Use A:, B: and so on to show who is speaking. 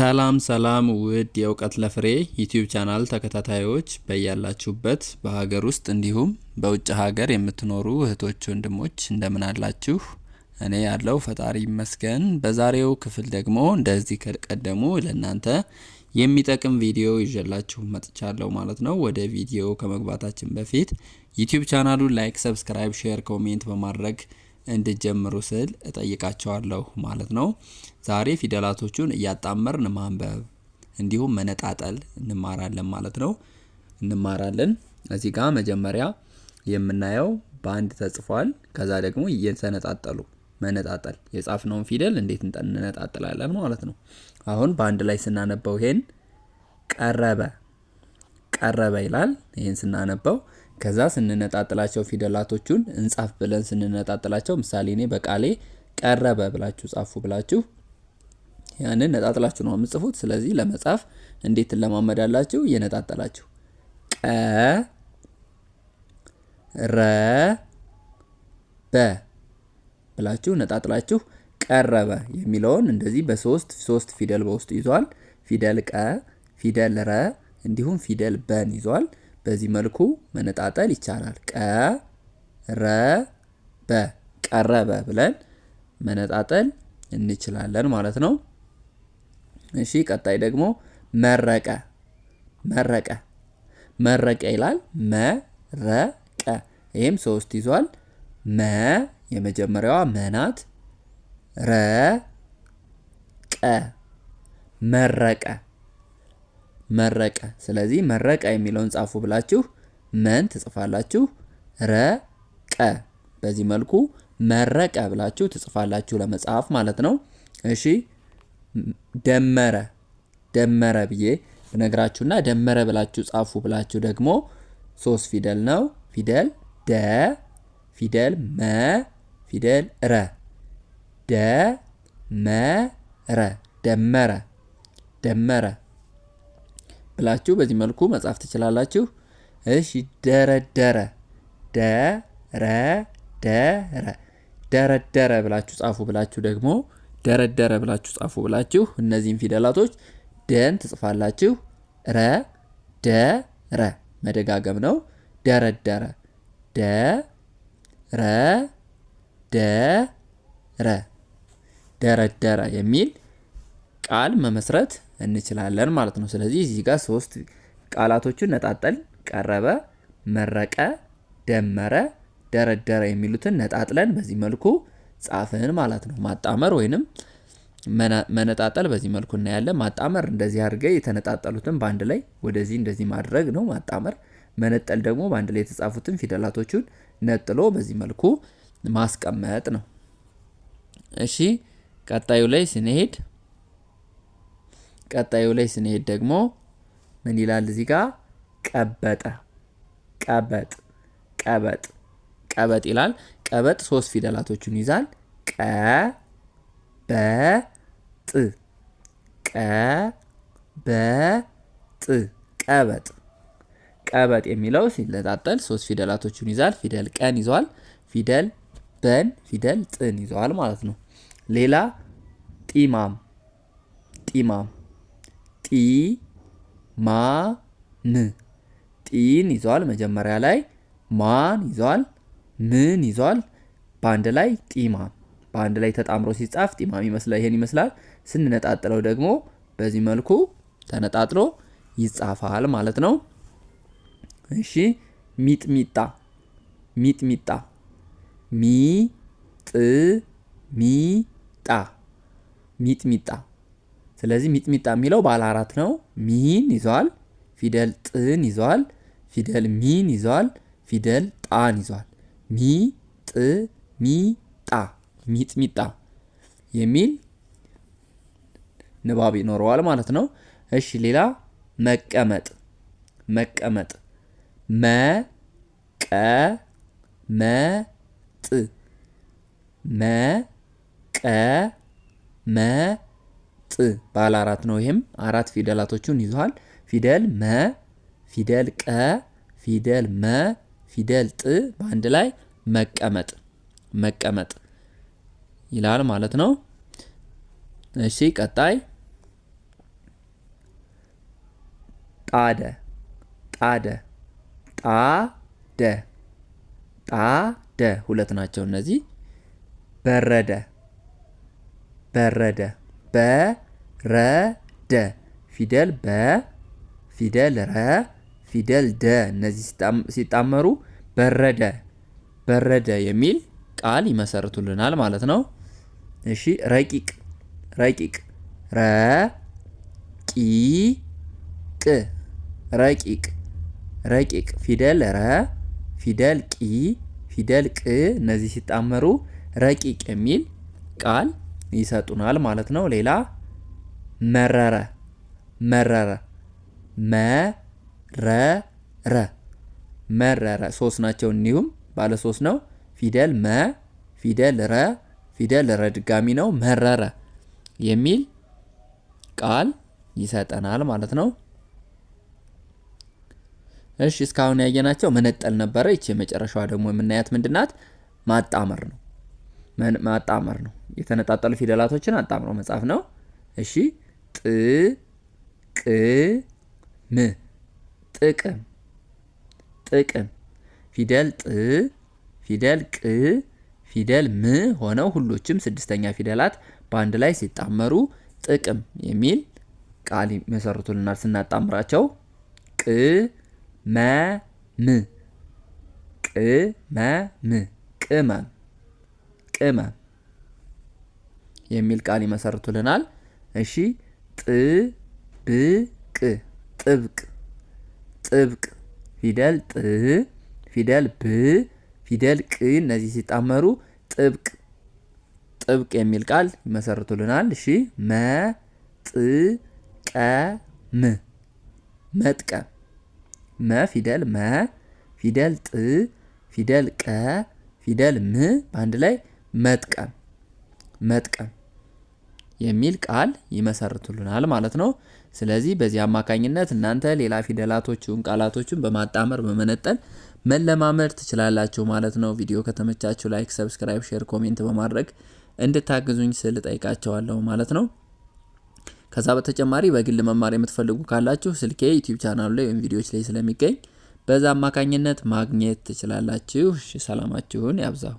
A: ሰላም ሰላም ውድ የእውቀት ለፍሬ ዩቲዩብ ቻናል ተከታታዮች በያላችሁበት በሀገር ውስጥ እንዲሁም በውጭ ሀገር የምትኖሩ እህቶች ወንድሞች እንደምን አላችሁ? እኔ ያለው ፈጣሪ ይመስገን። በዛሬው ክፍል ደግሞ እንደዚህ ከቀደሙ ለእናንተ የሚጠቅም ቪዲዮ ይዤላችሁ መጥቻለሁ ማለት ነው። ወደ ቪዲዮ ከመግባታችን በፊት ዩቲዩብ ቻናሉን ላይክ፣ ሰብስክራይብ፣ ሼር፣ ኮሜንት በማድረግ እንድጀምሩ ስል እጠይቃቸዋለሁ ማለት ነው። ዛሬ ፊደላቶቹን እያጣመርን ማንበብ እንዲሁም መነጣጠል እንማራለን ማለት ነው። እንማራለን እዚህ ጋር መጀመሪያ የምናየው በአንድ ተጽፏል። ከዛ ደግሞ እየተነጣጠሉ መነጣጠል የጻፍነውን ፊደል እንዴት እንነጣጥላለን ማለት ነው። አሁን በአንድ ላይ ስናነበው ይሄን ቀረበ ቀረበ ይላል። ይሄን ስናነበው ከዛ ስንነጣጥላቸው ፊደላቶቹን እንጻፍ ብለን ስንነጣጥላቸው ምሳሌ እኔ በቃሌ ቀረበ ብላችሁ ጻፉ ብላችሁ ያንን ነጣጥላችሁ ነው የምጽፉት። ስለዚህ ለመጻፍ እንዴት ትለማመዳላችሁ? እየነጣጠላችሁ ቀ ረ በ ብላችሁ ነጣጥላችሁ ቀረበ የሚለውን እንደዚህ በሶስት ሶስት ፊደል በውስጡ ይዟል። ፊደል ቀ፣ ፊደል ረ እንዲሁም ፊደል በን ይዟል። በዚህ መልኩ መነጣጠል ይቻላል። ቀረበ ቀረበ ብለን መነጣጠል እንችላለን ማለት ነው። እሺ ቀጣይ ደግሞ መረቀ መረቀ መረቀ ይላል። መረቀ ይህም ሶስት ይዟል። መ የመጀመሪያዋ መናት ረቀ መረቀ መረቀ። ስለዚህ መረቀ የሚለውን ጻፉ ብላችሁ መን ትጽፋላችሁ፣ ረቀ። በዚህ መልኩ መረቀ ብላችሁ ትጽፋላችሁ ለመጽሐፍ ማለት ነው። እሺ ደመረ ደመረ ብዬ ብነግራችሁና ደመረ ብላችሁ ጻፉ ብላችሁ ደግሞ ሶስት ፊደል ነው። ፊደል ደ፣ ፊደል መ፣ ፊደል ረ። ደ መ ረ ደመረ ደመረ ብላችሁ በዚህ መልኩ መጻፍ ትችላላችሁ። እሺ ደረደረ ደረደረ ደረደረ ብላችሁ ጻፉ ብላችሁ ደግሞ ደረደረ ብላችሁ ጻፉ ብላችሁ እነዚህን ፊደላቶች ደን ትጽፋላችሁ። ረ ደ ረ መደጋገም ነው። ደረደረ ደ ረ ደ ረ ደረደረ የሚል ቃል መመስረት እንችላለን ማለት ነው። ስለዚህ እዚህ ጋር ሶስት ቃላቶቹን ነጣጠል ቀረበ፣ መረቀ፣ ደመረ፣ ደረደረ የሚሉትን ነጣጥለን በዚህ መልኩ ጻፍን ማለት ነው። ማጣመር ወይንም መነጣጠል በዚህ መልኩ እናያለን። ማጣመር እንደዚህ አድርገ የተነጣጠሉትን በአንድ ላይ ወደዚህ እንደዚህ ማድረግ ነው ማጣመር። መነጠል ደግሞ በአንድ ላይ የተጻፉትን ፊደላቶቹን ነጥሎ በዚህ መልኩ ማስቀመጥ ነው። እሺ ቀጣዩ ላይ ስንሄድ ቀጣዩ ላይ ስንሄድ ደግሞ ምን ይላል እዚህ ጋር? ቀበጠ፣ ቀበጥ፣ ቀበጥ፣ ቀበጥ ይላል። ቀበጥ ሶስት ፊደላቶችን ይዛል። ቀ በ ጥ ቀ በ ጥ ቀበጥ ቀበጥ የሚለው ሲለጣጠል ሶስት ፊደላቶችን ይዛል። ፊደል ቀን ይዟል። ፊደል በን፣ ፊደል ጥን ይዘዋል ማለት ነው። ሌላ ጢማም ጢማም ጢ ማ ን ጢን ይዟል መጀመሪያ ላይ ማን ይዟል ምን ይዟል በአንድ ላይ ጢማም በአንድ ላይ ተጣምሮ ሲጻፍ ጢማም ይመስላል። ይሄን ይመስላል። ስንነጣጥለው ደግሞ በዚህ መልኩ ተነጣጥሎ ይጻፋል ማለት ነው። እሺ ሚጥሚጣ ሚጥሚጣ ሚጥ ሚጣ ሚጥሚጣ ስለዚህ ሚጥሚጣ የሚለው ባለ አራት ነው። ሚን ይዟል፣ ፊደል ጥን ይዟል፣ ፊደል ሚን ይዟል፣ ፊደል ጣን ይዟል። ሚ ጥ ሚ ጣ ሚጥሚጣ የሚል ንባብ ይኖረዋል ማለት ነው። እሺ ሌላ መቀመጥ መቀመጥ መ ቀ መ ጥ መ ቀ መ ጥ ባለ አራት ነው። ይህም አራት ፊደላቶቹን ይዟል። ፊደል መ፣ ፊደል ቀ፣ ፊደል መ፣ ፊደል ጥ በአንድ ላይ መቀመጥ መቀመጥ ይላል ማለት ነው። እሺ ቀጣይ ጣደ ጣደ ጣደ ጣደ ሁለት ናቸው እነዚህ። በረደ በረደ በረደ ፊደል በ ፊደል ረ ፊደል ደ እነዚህ ሲጣመሩ በረደ በረደ የሚል ቃል ይመሰርቱልናል ማለት ነው። እሺ ረቂቅ ረቂቅ ረ ቂ ቅ ረቂቅ ረቂቅ ፊደል ረ ፊደል ቂ ፊደል ቅ እነዚህ ሲጣመሩ ረቂቅ የሚል ቃል ይሰጡናል ማለት ነው። ሌላ መረረ መረረ መረረ መረረ ሶስት ናቸው። እንዲሁም ባለ ሶስት ነው። ፊደል መ ፊደል ረ ፊደል ረ ድጋሚ ነው። መረረ የሚል ቃል ይሰጠናል ማለት ነው። እሺ እስካሁን ያየናቸው መነጠል ነበረ። ይቺ የመጨረሻዋ ደግሞ የምናያት ምንድናት? ማጣመር ነው። ማጣመር ነው። የተነጣጠሉ ፊደላቶችን አጣምሮ መጻፍ ነው። እሺ ጥ ቅ ም ጥቅም ጥቅም ፊደል ጥ ፊደል ቅ ፊደል ም ሆነው ሁሎችም ስድስተኛ ፊደላት በአንድ ላይ ሲጣመሩ ጥቅም የሚል ቃል መሰርቱልናል ስናጣምራቸው ቅ መ ም ቅ መ ም ቅመም ጥመ የሚል ቃል ይመሰርቱልናል። እሺ ጥብቅ ጥብቅ ጥብቅ ፊደል ጥ ፊደል ብ ፊደል ቅ እነዚህ ሲጣመሩ ጥብቅ ጥብቅ የሚል ቃል ይመሰርቱልናል። እሺ መጥቀም መጥቀም መ ፊደል መ ፊደል ጥ ፊደል ቀ ፊደል ም በአንድ ላይ መጥቀም መጥቀም የሚል ቃል ይመሰርቱልናል ማለት ነው። ስለዚህ በዚህ አማካኝነት እናንተ ሌላ ፊደላቶቹን ቃላቶቹን በማጣመር በመነጠል መለማመድ ትችላላችሁ ማለት ነው። ቪዲዮ ከተመቻችሁ ላይክ፣ ሰብስክራይብ፣ ሼር፣ ኮሜንት በማድረግ እንድታግዙኝ ስል ጠይቃቸዋለሁ ማለት ነው። ከዛ በተጨማሪ በግል መማር የምትፈልጉ ካላችሁ ስልኬ ዩቲዩብ ቻናሉ ላይ ወይም ቪዲዮዎች ላይ ስለሚገኝ በዛ አማካኝነት ማግኘት ትችላላችሁ። ሰላማችሁን ያብዛው።